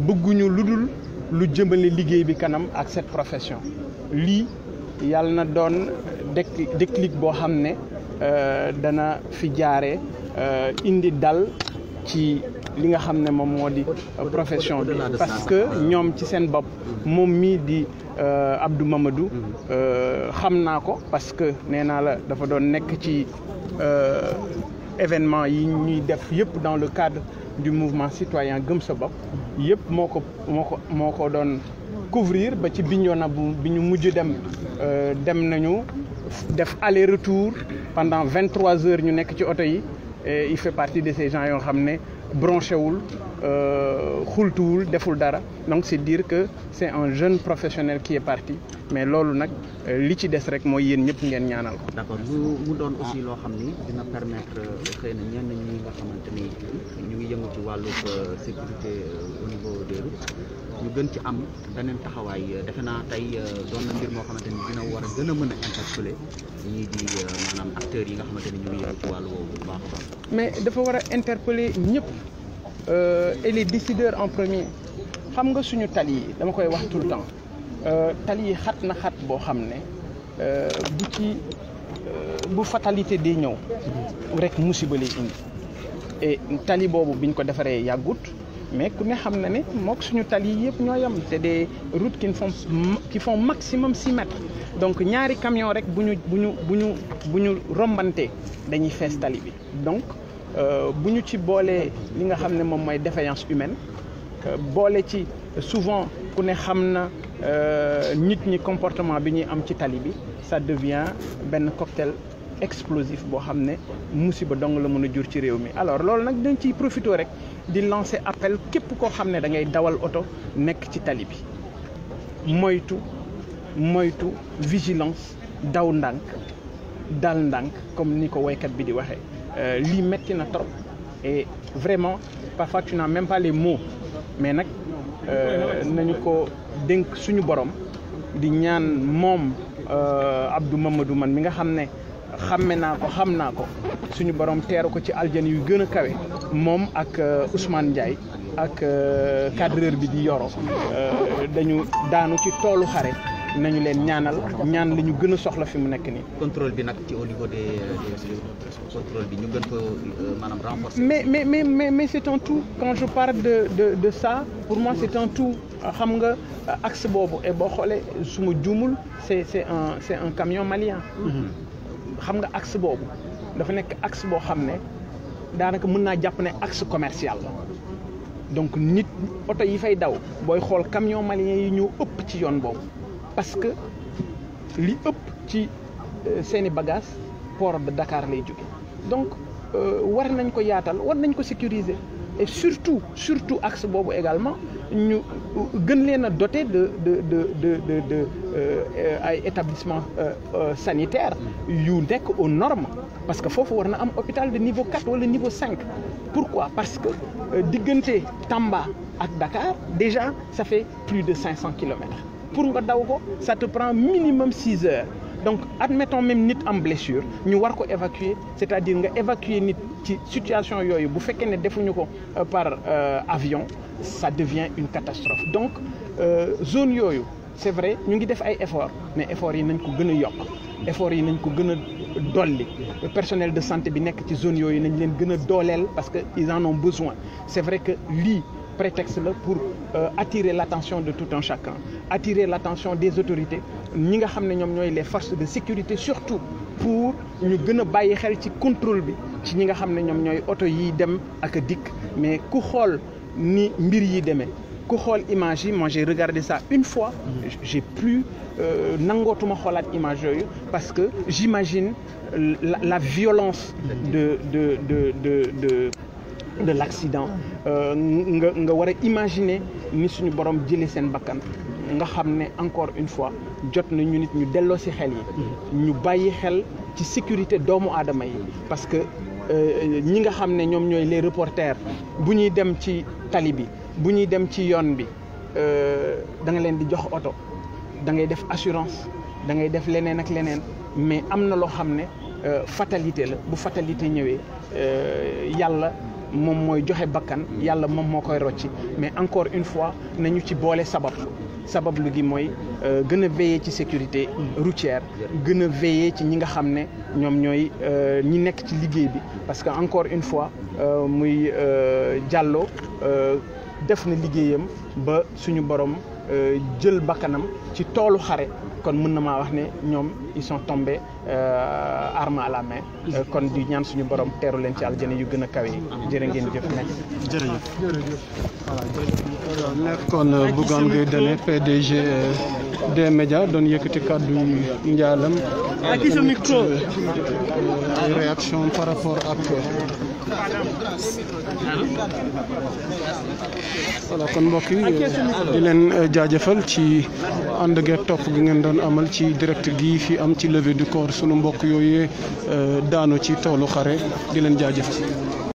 bëgguñu lu dul lu jëmale liggéey bi kanam ak cette profession lii yàlla na doon déclic boo xam ne Euh, dana fi jaare euh, indi dal ci li nga xam ne moom moo di euh, profession bi parce que ñoom ci seen bopp moom mii di Abdou Mamadou xam naa ko parce que nee naa la dafa doon nekk ci événement yi ñuy def yëpp dans le cadre du mouvement citoyen gëm sa bopp yëpp moo ko moo ko moo ko doon couvrir ba ci Bignona bu bi ñu mujj dem euh, dem nañu def aller retour pendant vingt trois heures ñu nekk ci oto yi et il fait partie de ces yoo xam ne bronché wul Euh, xultuwul deful dara donc c'est dire que c'est un jeune professionnel qui est parti mais loolu nag euh, li ci des rek mooy yéen ñëpp ngeen ñaanal ko. d'accord mu doon aussi loo xam ni dina permettre euh, xëy na ñenn ñi nga xamante ni ñu ngi yëngu ci wàllu sécurité au niveau des routes ñu gën ci am beneen taxawaay defe naa tey doon na mbir moo xamante ni dina war a gën a mën a interpeller ñii di maanaam acteurs yi nga xamante ni ñu ngi yëngu ci wàllu woowu mais dafa war a Euh, et les décideurs en premier xam nga suñu tali yi dama koy wax tout le temps euh, tali yi xat na xat boo xam ne euh, bu ci bu fatalité di ñëw rek musiba lay indi et tali boobu biñ ko defaree yàggut mais ku ne xam na ne mook suñu tali yi yëpp ñoo yem c'est des routes qui font qui font maximum si mètres donc ñaari camion rek bu ñu bu ñu bu ñu bu ñu rombante dañuy fees tali bi donc Euh, bu ñu ci boolee li nga xam ne moom mooy défaillance humaine euh, boole ci souvent ku ne xam na euh, nit ñi comportement bi ñuy am ci tali bi ça devient benn cocktail explosif boo xam ne musiba dong la mën a jur ci réew mi alors loolu nag dañ ciy profité rek di lancer appel képp koo xam ne da ngay dawal oto nekk ci tali bi moytu moytu vigilance daw ndànk dal ndànk comme ni ko woykat bi di waxee Euh, lii metti na trop et vraiment parfois tu n'as même pas les mots mais nag euh, nañu ko dénk suñu borom di ñaan moom euh, Abdou Mamadou man mi nga xam ne xamme naa ko xam naa ko suñu borom teeru ko ci aljana yu gën a kawe moom ak Ousmane Ndiaye ak cadreur bi di Yoro dañu daanu ci toolu xare nañu leen ñaanal ñaan li ñu gën a soxla fi mu nekk nii. contrôle bi nag ci au niveau des contrôle bi ñu gën euh, mais mais mais mais mais c'est un tout quand je parle de de de ça pour moi c'est un tout xam nga axe boobu et boo xoolee su ma juumul c'est c'est un c'est un camion malien. xam nga axe boobu dafa nekk axe boo xam ne daanaka mën naa jàpp ne aks commercial la. donc nit oto yi fay daw booy xool camion malien yi ñëw ëpp ci yoon boobu parce que li ëpp ci euh, seeni bagage port de dakaar lay jóge donc euh, war nañ ko yaatal war nañ ko sécuriser et surtout surtout axe boobu également ñu euh, gën leen a doté de de de de de de ay établissement sanitaire yu nekk aux normes parce que foofu war na am hôpital de niveau 4 wala niveau 5 pourquoi parce que diggante Tamba ak Dakar déjà ça fait plus de cent kilomètres pour nga daw ko ça te prend minimum six heures donc admettons même nit am blessure ñu war ko évacuer c'est-à-dire nga évacuer nit ci situation yooyu bu fekkee ne defuñu ko euh, par euh, avion ça devient une catastrophe donc euh, zone yooyu c'est vrai ñu ngi def ay efforts mais efforts yi nañ ko gën a yokk efforts yi nañ ko gën a dolli personnel de santé bi nekk ci zone yooyu nañ leen gën a dooleel parce que ils en ont besoin c'est vrai que lii prétexte la pour euh, attirer l'attention de tout un chacun attirer l'attention des autorités ñi nga xam ne ñoom ñooy les forces de sécurité surtout pour ñu gën a bàyyi xel ci contrôle bi ci ñi nga xam ne ñoom ñooy oto yiy dem ak a dikk mais ku xool ni mbir yi demee ku xool image yi moi j'ai regardé ça une fois j'ai plus euh, nangootuma xoolaat image yooyu parce que j'imagine la, la violence de de de de de de l' accident euh, nga nga war a imaginer ni suñu borom jëlee seen bakkan nga xam ne encore une fois jot na ñu nit ñu delloo si xel yi ñu bàyyi xel ci sécurité doomu aadama yi parce que euh, ñi nga xam ne ñoom ñooy les reporters bu ñuy dem ci tali bi bu ñuy dem ci yoon bi euh, da nga leen di jox oto da ngay def assurance da ngay def leneen ak leneen mais am na loo xam ne fatalité la bu fatalité ñëwee yàlla moom mooy joxe bakkan yàlla moom moo koy rocci mais encore une fois nañu ci boole sabab sabab lu gi mooy euh, gën a veiller ci sécurité routière gën a veiller ci ñi nga xam ne ñoom ñooy euh, ñi nekk ci liggéey bi parce que encore une fois euh, muy Diallo def na liggéeyam ba suñu borom jël bakkanam ci toolu xare kon mën na ma wax ne ñoom ils sont tombés euh, arme à la main. Euh, kon di ñaan suñu borom teeru leen ci aljana yu gën a kawe yi. ngeen jëf merci. jërëjëf jërëjëf voilà jërëjëf. nekkoon euh, Bougane Gueye PDG des médias doon yëkkati kàddu njaalam. ak réaction par rapport ak. voilà kon mbokk yi di leen euh, jaajëfal ci ànd geeg topp gi ngeen doon amal ci direct gi fi am ci levée du corps sunu mbokk yooyu euh, daanu ci toolu xare di leen jaajëfal.